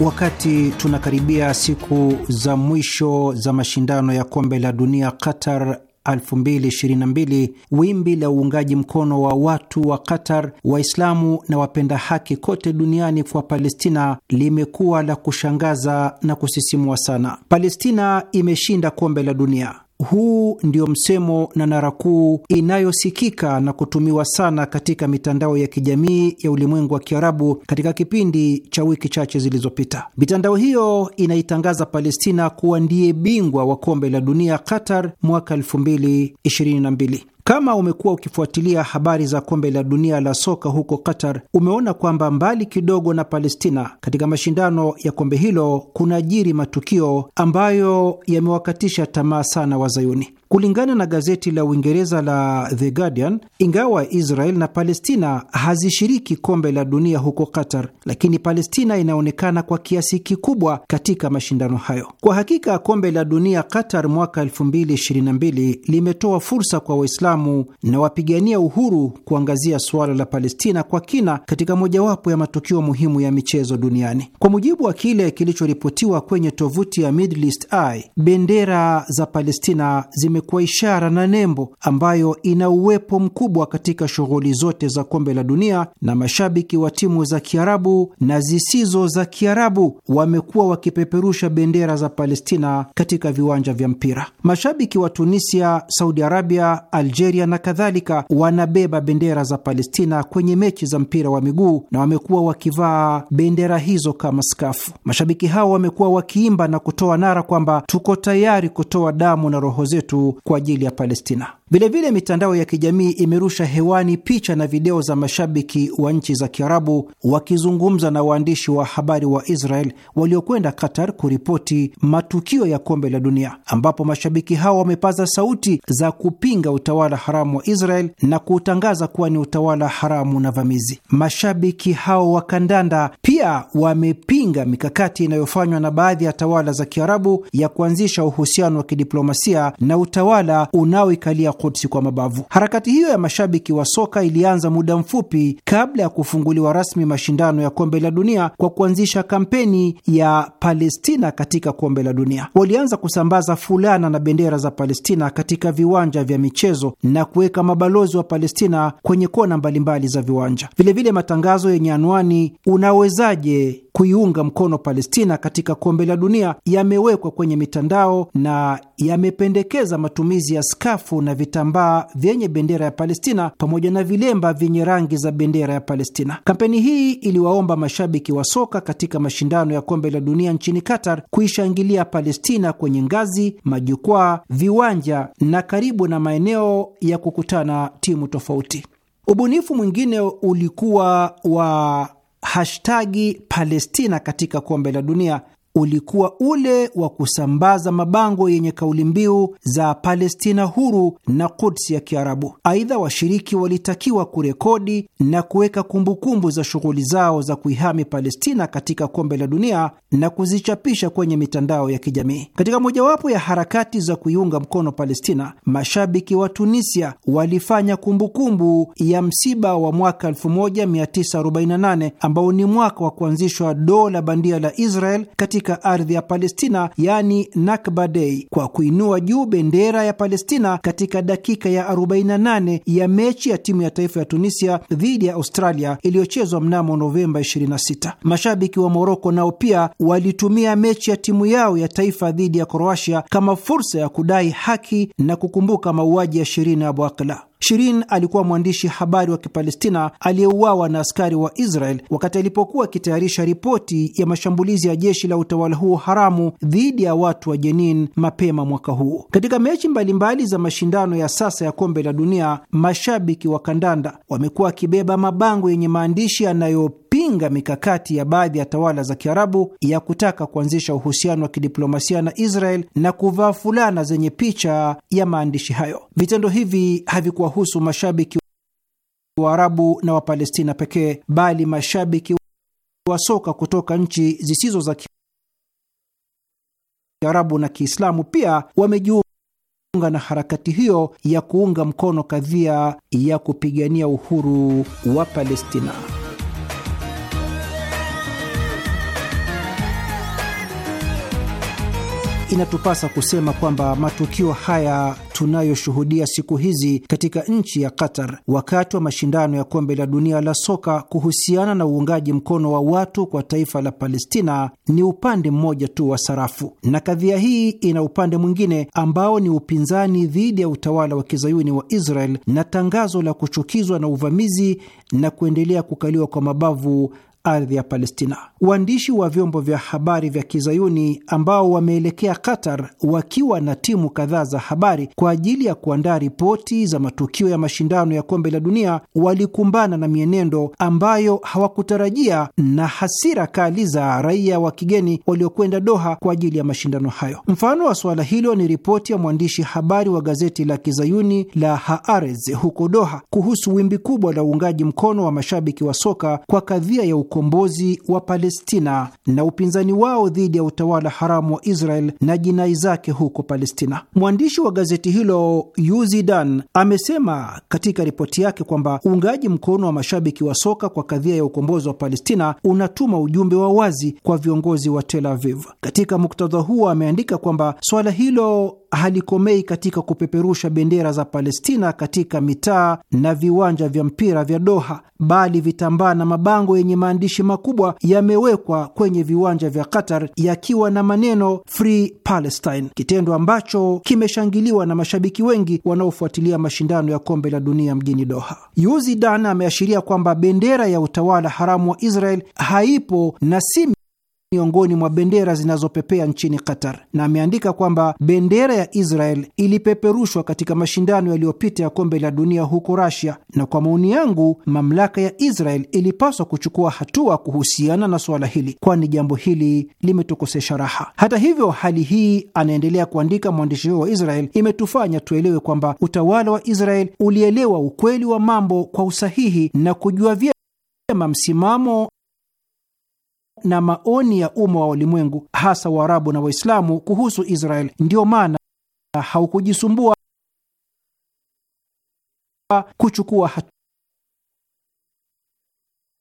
Wakati tunakaribia siku za mwisho za mashindano ya kombe la dunia Qatar 2022 wimbi la uungaji mkono wa watu wa Qatar, Waislamu na wapenda haki kote duniani kwa Palestina limekuwa la kushangaza na kusisimua sana. Palestina imeshinda kombe la dunia huu ndio msemo na nara kuu inayosikika na kutumiwa sana katika mitandao ya kijamii ya ulimwengu wa Kiarabu katika kipindi cha wiki chache zilizopita. Mitandao hiyo inaitangaza Palestina kuwa ndiye bingwa wa kombe la dunia Qatar mwaka 2022. Kama umekuwa ukifuatilia habari za kombe la dunia la soka huko Qatar, umeona kwamba mbali kidogo na Palestina, katika mashindano ya kombe hilo kuna jiri matukio ambayo yamewakatisha tamaa sana Wazayuni. Kulingana na gazeti la Uingereza la The Guardian, ingawa Israel na Palestina hazishiriki kombe la dunia huko Qatar, lakini Palestina inaonekana kwa kiasi kikubwa katika mashindano hayo. Kwa hakika kombe la dunia Qatar mwaka 2022 limetoa fursa kwa Waislamu na wapigania uhuru kuangazia suala la Palestina kwa kina katika mojawapo ya matukio muhimu ya michezo duniani. Kwa mujibu wa kile kilichoripotiwa kwenye tovuti ya Middle East Eye, bendera za Palestina zime imekuwa ishara na nembo ambayo ina uwepo mkubwa katika shughuli zote za kombe la dunia, na mashabiki wa timu za Kiarabu na zisizo za Kiarabu wamekuwa wakipeperusha bendera za Palestina katika viwanja vya mpira. Mashabiki wa Tunisia, Saudi Arabia, Algeria na kadhalika wanabeba bendera za Palestina kwenye mechi za mpira wa miguu na wamekuwa wakivaa bendera hizo kama skafu. Mashabiki hao wamekuwa wakiimba na kutoa nara kwamba tuko tayari kutoa damu na roho zetu kwa ajili ya Palestina. Vilevile, mitandao ya kijamii imerusha hewani picha na video za mashabiki wa nchi za Kiarabu wakizungumza na waandishi wa habari wa Israel waliokwenda Qatar kuripoti matukio ya kombe la dunia, ambapo mashabiki hao wamepaza sauti za kupinga utawala haramu wa Israel na kuutangaza kuwa ni utawala haramu na vamizi. Mashabiki hao wa kandanda pia wamepinga mikakati inayofanywa na baadhi ya tawala za Kiarabu ya kuanzisha uhusiano wa kidiplomasia na utawala unaoikalia Kudsi kwa mabavu. Harakati hiyo ya mashabiki wa soka ilianza muda mfupi kabla ya kufunguliwa rasmi mashindano ya kombe la dunia kwa kuanzisha kampeni ya Palestina katika kombe la dunia. Walianza kusambaza fulana na bendera za Palestina katika viwanja vya michezo na kuweka mabalozi wa Palestina kwenye kona mbalimbali za viwanja. Vilevile, matangazo yenye anwani unawezaje kuiunga mkono Palestina katika kombe la dunia yamewekwa kwenye mitandao na yamependekeza matumizi ya skafu na vitambaa vyenye bendera ya Palestina pamoja na vilemba vyenye rangi za bendera ya Palestina. Kampeni hii iliwaomba mashabiki wa soka katika mashindano ya kombe la dunia nchini Qatar kuishangilia Palestina kwenye ngazi, majukwaa, viwanja na karibu na maeneo ya kukutana timu tofauti. Ubunifu mwingine ulikuwa wa hashtagi Palestina katika kombe la dunia ulikuwa ule wa kusambaza mabango yenye kauli mbiu za Palestina huru na Quds ya Kiarabu. Aidha, washiriki walitakiwa kurekodi na kuweka kumbukumbu za shughuli zao za kuihami Palestina katika kombe la dunia na kuzichapisha kwenye mitandao ya kijamii. Katika mojawapo ya harakati za kuiunga mkono Palestina, mashabiki wa Tunisia walifanya kumbukumbu ya msiba wa mwaka 1948 ambao ni mwaka wa kuanzishwa dola bandia la Israel katika ardhi ya Palestina, yani Nakba Day, kwa kuinua juu bendera ya Palestina katika dakika ya 48 ya mechi ya timu ya taifa ya Tunisia dhidi ya Australia iliyochezwa mnamo Novemba 26. Mashabiki wa Moroko nao pia walitumia mechi ya timu yao ya taifa dhidi ya Kroatia kama fursa ya kudai haki na kukumbuka mauaji ya shirini Abu Akla. Shirin alikuwa mwandishi habari wa Kipalestina aliyeuawa na askari wa Israel wakati alipokuwa akitayarisha ripoti ya mashambulizi ya jeshi la utawala huo haramu dhidi ya watu wa Jenin mapema mwaka huu. Katika mechi mbalimbali za mashindano ya sasa ya kombe la dunia, mashabiki wa kandanda wamekuwa wakibeba mabango yenye maandishi yanayo kupinga mikakati ya baadhi ya tawala za Kiarabu ya kutaka kuanzisha uhusiano wa kidiplomasia na Israel na kuvaa fulana zenye picha ya maandishi hayo. Vitendo hivi havikuwahusu mashabiki wa arabu na Wapalestina pekee, bali mashabiki wa soka kutoka nchi zisizo za Kiarabu na Kiislamu pia wamejiunga na harakati hiyo ya kuunga mkono kadhia ya kupigania uhuru wa Palestina. inatupasa kusema kwamba matukio haya tunayoshuhudia siku hizi katika nchi ya Qatar wakati wa mashindano ya kombe la dunia la soka kuhusiana na uungaji mkono wa watu kwa taifa la Palestina ni upande mmoja tu wa sarafu, na kadhia hii ina upande mwingine ambao ni upinzani dhidi ya utawala wa kizayuni wa Israel na tangazo la kuchukizwa na uvamizi na kuendelea kukaliwa kwa mabavu ardhi ya Palestina. Waandishi wa vyombo vya habari vya kizayuni ambao wameelekea Qatar wakiwa na timu kadhaa za habari kwa ajili ya kuandaa ripoti za matukio ya mashindano ya kombe la dunia walikumbana na mienendo ambayo hawakutarajia na hasira kali za raia wa kigeni waliokwenda Doha kwa ajili ya mashindano hayo. Mfano wa suala hilo ni ripoti ya mwandishi habari wa gazeti la kizayuni la Haarez huko Doha kuhusu wimbi kubwa la uungaji mkono wa mashabiki wa soka kwa kadhia ya uko ukombozi wa Palestina na upinzani wao dhidi ya utawala haramu wa Israel na jinai zake huko Palestina. Mwandishi wa gazeti hilo Yuzidan amesema katika ripoti yake kwamba uungaji mkono wa mashabiki wa soka kwa kadhia ya ukombozi wa Palestina unatuma ujumbe wa wazi kwa viongozi wa Tel Aviv. Katika muktadha huo, ameandika kwamba swala hilo halikomei katika kupeperusha bendera za Palestina katika mitaa na viwanja vya mpira vya Doha, bali vitambaa na mabango yenye maandishi maandishi makubwa yamewekwa kwenye viwanja vya Qatar yakiwa na maneno Free Palestine, kitendo ambacho kimeshangiliwa na mashabiki wengi wanaofuatilia mashindano ya kombe la dunia mjini Doha. Yuzi Dan ameashiria kwamba bendera ya utawala haramu wa Israel haipo na si miongoni mwa bendera zinazopepea nchini Qatar, na ameandika kwamba bendera ya Israel ilipeperushwa katika mashindano yaliyopita ya kombe la dunia huko Russia, na kwa maoni yangu mamlaka ya Israel ilipaswa kuchukua hatua kuhusiana na suala hili, kwani jambo hili limetukosesha raha. Hata hivyo, hali hii, anaendelea kuandika mwandishi huyo wa Israel, imetufanya tuelewe kwamba utawala wa Israel ulielewa ukweli wa mambo kwa usahihi na kujua vyema msimamo na maoni ya umma wa ulimwengu, hasa Waarabu na Waislamu kuhusu Israel. Ndiyo maana haukujisumbua kuchukua hatua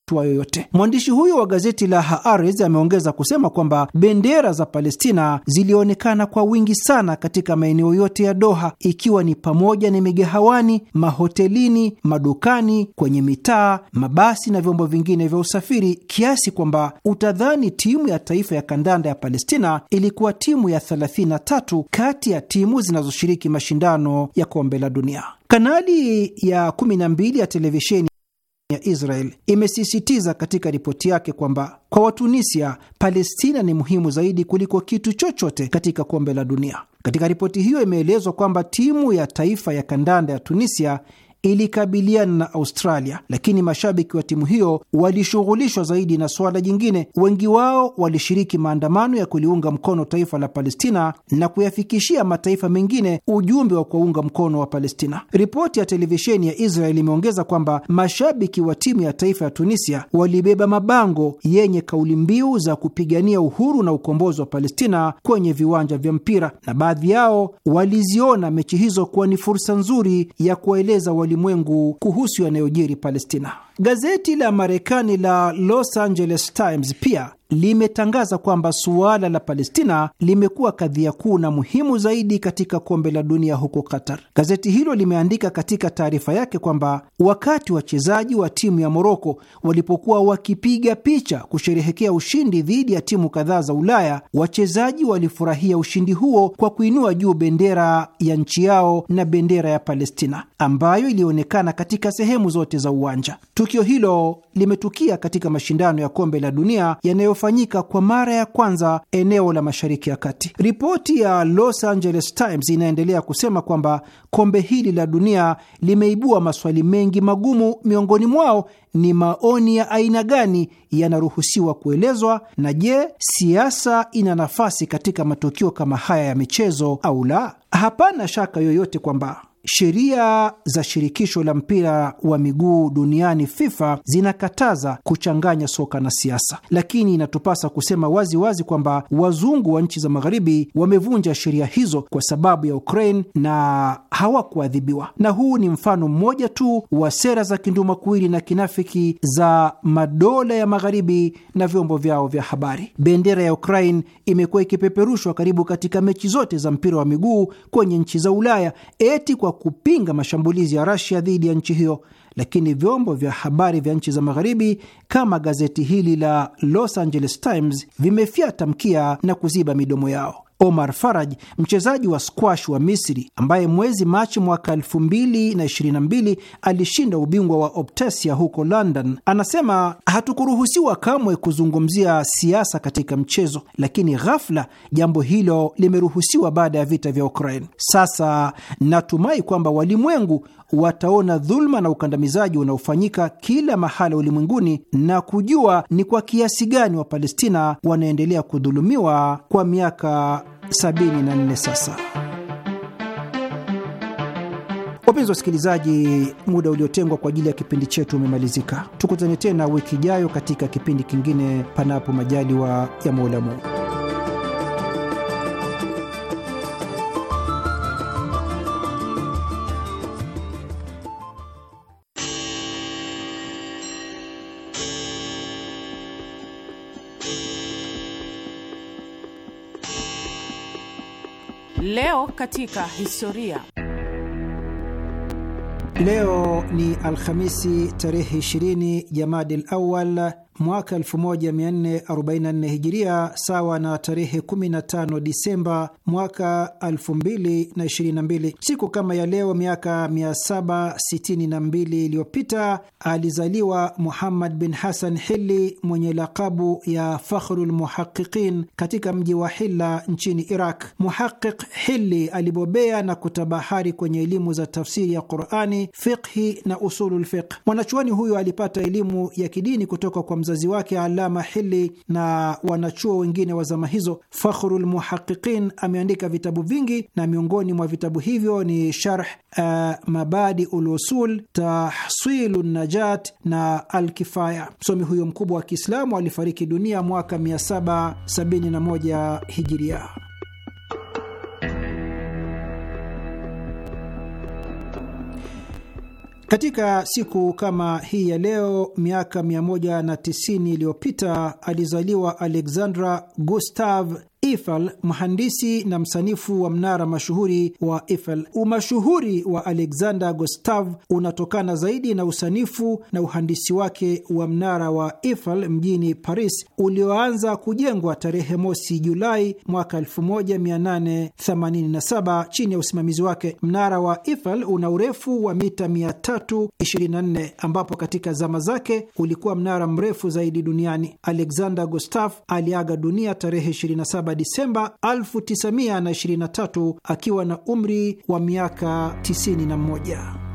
hatua yoyote. Mwandishi huyo wa gazeti la Haaretz ameongeza kusema kwamba bendera za Palestina zilionekana kwa wingi sana katika maeneo yote ya Doha, ikiwa ni pamoja na migahawani, mahotelini, madukani, kwenye mitaa, mabasi na vyombo vingine vya usafiri, kiasi kwamba utadhani timu ya taifa ya kandanda ya Palestina ilikuwa timu ya 33 kati ya timu zinazoshiriki mashindano ya kombe la dunia. Kanali ya 12 ya televisheni ya Israel imesisitiza katika ripoti yake kwamba kwa Watunisia, Palestina ni muhimu zaidi kuliko kitu chochote katika kombe la dunia. Katika ripoti hiyo imeelezwa kwamba timu ya taifa ya kandanda ya Tunisia ilikabiliana na Australia, lakini mashabiki wa timu hiyo walishughulishwa zaidi na suala jingine. Wengi wao walishiriki maandamano ya kuliunga mkono taifa la Palestina na kuyafikishia mataifa mengine ujumbe wa kuwaunga mkono wa Palestina. Ripoti ya televisheni ya Israel imeongeza kwamba mashabiki wa timu ya taifa ya Tunisia walibeba mabango yenye kauli mbiu za kupigania uhuru na ukombozi wa Palestina kwenye viwanja vya mpira, na baadhi yao waliziona mechi hizo kuwa ni fursa nzuri ya kuwaeleza ulimwengu kuhusu yanayojiri Palestina. Gazeti la Marekani la Los Angeles Times pia limetangaza kwamba suala la Palestina limekuwa kadhia kuu na muhimu zaidi katika kombe la dunia huko Qatar. Gazeti hilo limeandika katika taarifa yake kwamba wakati wachezaji wa timu ya Moroko walipokuwa wakipiga picha kusherehekea ushindi dhidi ya timu kadhaa za Ulaya, wachezaji walifurahia ushindi huo kwa kuinua juu bendera ya nchi yao na bendera ya Palestina ambayo ilionekana katika sehemu zote za uwanja. Tukio hilo limetukia katika mashindano ya kombe la dunia yanayofanyika kwa mara ya kwanza eneo la Mashariki ya Kati. Ripoti ya Los Angeles Times inaendelea kusema kwamba kombe hili la dunia limeibua maswali mengi magumu, miongoni mwao ni maoni ya aina gani yanaruhusiwa kuelezwa, na je, siasa ina nafasi katika matukio kama haya ya michezo au la? Hapana shaka yoyote kwamba Sheria za shirikisho la mpira wa miguu duniani FIFA zinakataza kuchanganya soka na siasa, lakini inatupasa kusema wazi wazi kwamba wazungu wa nchi za magharibi wamevunja sheria hizo kwa sababu ya Ukraine na hawakuadhibiwa. Na huu ni mfano mmoja tu wa sera za kindumakuwili na kinafiki za madola ya magharibi na vyombo vyao vya habari. Bendera ya Ukraine imekuwa ikipeperushwa karibu katika mechi zote za mpira wa miguu kwenye nchi za Ulaya eti kwa kupinga mashambulizi ya Rasia dhidi ya nchi hiyo, lakini vyombo vya habari vya nchi za Magharibi kama gazeti hili la Los Angeles Times vimefyata mkia na kuziba midomo yao. Omar Faraj, mchezaji wa squash wa Misri ambaye mwezi Machi mwaka 2022 alishinda ubingwa wa Optesia huko London, anasema hatukuruhusiwa kamwe kuzungumzia siasa katika mchezo, lakini ghafla jambo hilo limeruhusiwa baada ya vita vya Ukraine. Sasa natumai kwamba walimwengu wataona dhuluma na ukandamizaji unaofanyika kila mahala ulimwenguni na kujua ni kwa kiasi gani Wapalestina wanaendelea kudhulumiwa kwa miaka 74 sasa. Wapenzi wasikilizaji, muda uliotengwa kwa ajili ya kipindi chetu umemalizika. Tukutane tena wiki ijayo katika kipindi kingine, panapo majaliwa ya Mola Mungu. Leo katika historia. Leo ni Alhamisi tarehe 20 Jamadil Awal mwaka 1444 hijiria sawa na tarehe 15 Disemba mwaka 2022. Siku kama ya leo miaka 762 iliyopita alizaliwa Muhammad bin Hasan Hili mwenye lakabu ya Fakhrul Muhaqiqin katika mji wa Hilla nchini Iraq. Muhaqiq Hili alibobea na kutabahari kwenye elimu za tafsiri ya Qurani, fiqhi na usulul fiqh. Mwanachuani huyo alipata elimu ya kidini kutoka kwa mzazi wake Alama Hili na wanachuo wengine wa zama hizo. Fakhrul Muhaqiqin ameandika vitabu vingi na miongoni mwa vitabu hivyo ni Sharh uh, Mabadi Ulusul, Tahsilu Najat na Alkifaya. Msomi huyo mkubwa wa Kiislamu alifariki dunia mwaka 771 Hijiria. Katika siku kama hii ya leo miaka 190 iliyopita alizaliwa Alexandra Gustav Eiffel, mhandisi na msanifu wa mnara mashuhuri wa Eiffel. Umashuhuri wa Alexander Gustave unatokana zaidi na usanifu na uhandisi wake wa mnara wa Eiffel mjini Paris, ulioanza kujengwa tarehe mosi Julai mwaka 1887 chini ya usimamizi wake. Mnara wa Eiffel una urefu wa mita 324 ambapo katika zama zake ulikuwa mnara mrefu zaidi duniani. Alexander Gustave aliaga dunia tarehe 27 Disemba 1923 akiwa na umri wa miaka 91.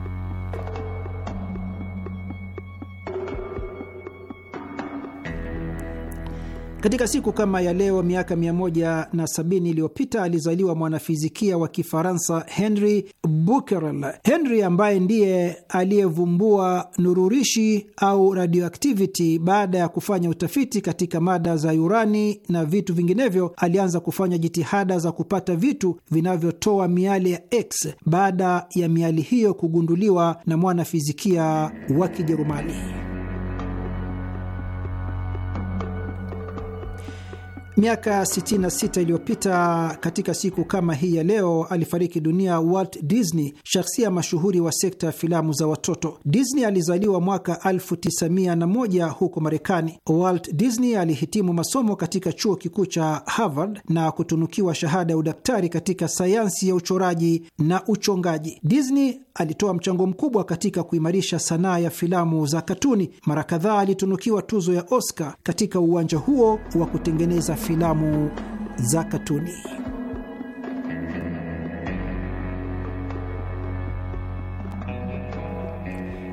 Katika siku kama ya leo miaka 170 iliyopita alizaliwa mwanafizikia wa Kifaransa Henry Becquerel. Henry ambaye ndiye aliyevumbua nururishi au radioactivity, baada ya kufanya utafiti katika mada za urani na vitu vinginevyo, alianza kufanya jitihada za kupata vitu vinavyotoa miale ya X baada ya miali hiyo kugunduliwa na mwanafizikia wa Kijerumani. Miaka 66 iliyopita katika siku kama hii ya leo alifariki dunia Walt Disney, shahsia mashuhuri wa sekta ya filamu za watoto. Disney alizaliwa mwaka 1901 huko Marekani. Walt Disney alihitimu masomo katika chuo kikuu cha Harvard na kutunukiwa shahada ya udaktari katika sayansi ya uchoraji na uchongaji. Disney alitoa mchango mkubwa katika kuimarisha sanaa ya filamu za katuni. Mara kadhaa alitunukiwa tuzo ya Oscar katika uwanja huo wa kutengeneza filamu za katuni.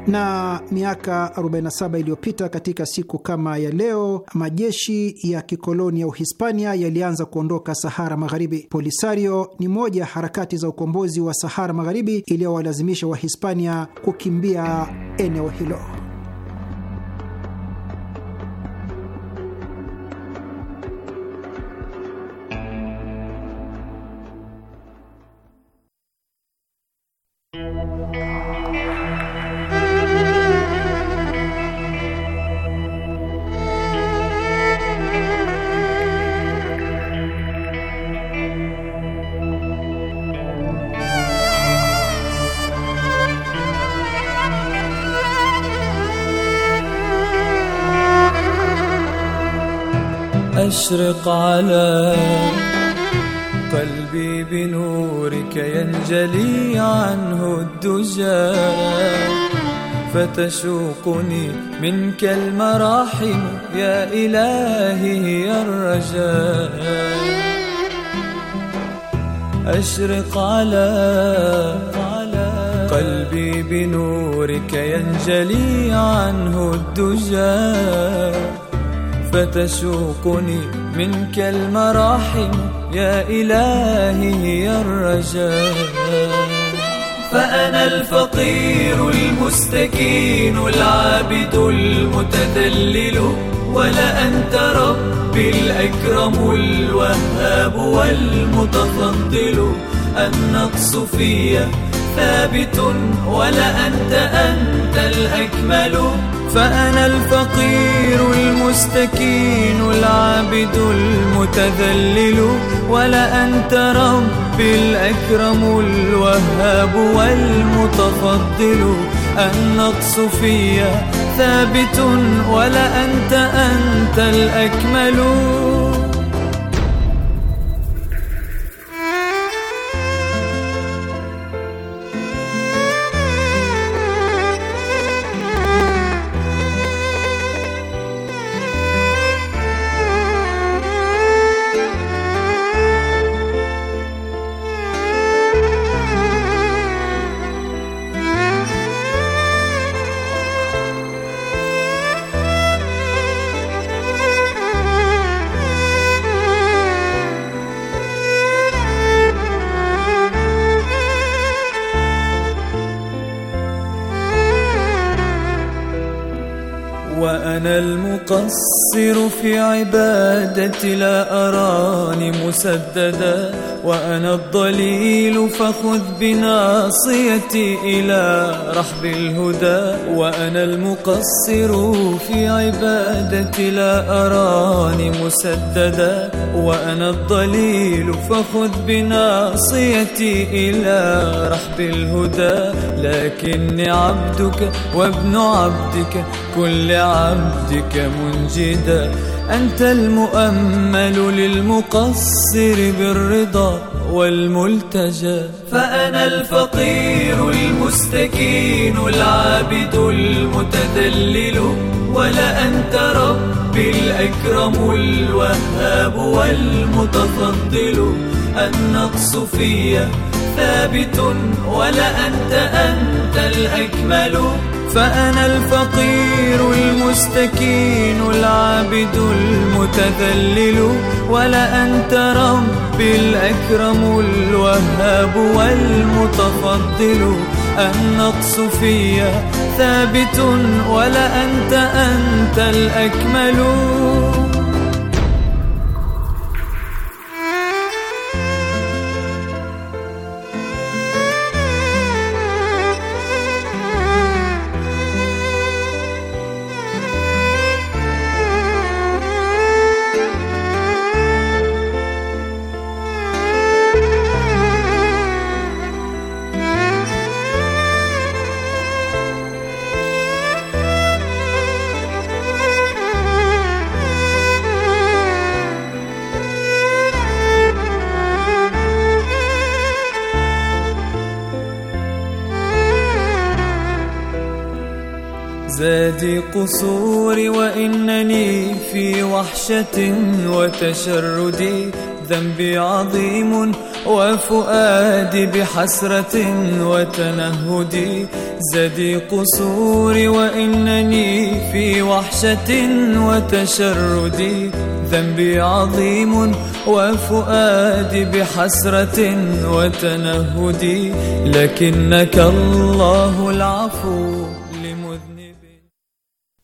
Na miaka 47 iliyopita katika siku kama ya leo, majeshi ya kikoloni ya Uhispania yalianza kuondoka Sahara Magharibi. Polisario ni moja ya harakati za ukombozi wa Sahara Magharibi iliyowalazimisha Wahispania kukimbia eneo hilo. أشرق على قلبي بنورك ينجلي عنه الدجى فتشوقني منك المراحم يا إلهي يا الرجاء أشرق على قلبي بنورك ينجلي عنه الدجى فتشوقني منك المراحم يا إلهي يا الرجاء فأنا الفقير المستكين العابد المتذلل ولا أنت ربي الأكرم الوهاب والمتفضل النقص في ثابت ولا أنت أنت الأكمل فأنا الفقير المستكين العابد المتذلل ولا أنت ربي الأكرم الوهاب والمتفضل النقص في ثابت ولا أنت أنت الأكمل أقصر في عبادتي لا أراني مسددا وأنا الضليل فخذ بناصيتي إلى رحب الهدى وأنا المقصر في عبادتي لا أراني مسددا وأنا الضليل فخذ بناصيتي إلى رحب الهدى لكني عبدك وابن عبدك كل عبدك منجدا أنت المؤمل للمقصر بالرضا والملتجى فأنا الفقير المستكين العابد المتذلل ولا أنت ربي الأكرم الوهاب والمتفضل النقص في ثابت ولا أنت أنت الأكمل فأنا الفقير المستكين العابد المتذلل ولا أنت ربي الأكرم الوهاب والمتفضل النقص فيا ثابت ولا أنت أنت الأكمل القصور وإنني في وحشة وتشرد ذنبي عظيم وفؤادي بحسرة وتنهدي زدي قصوري وإنني في وحشة وتشردي ذنبي عظيم وفؤادي بحسرة وتنهدي لكنك الله العفو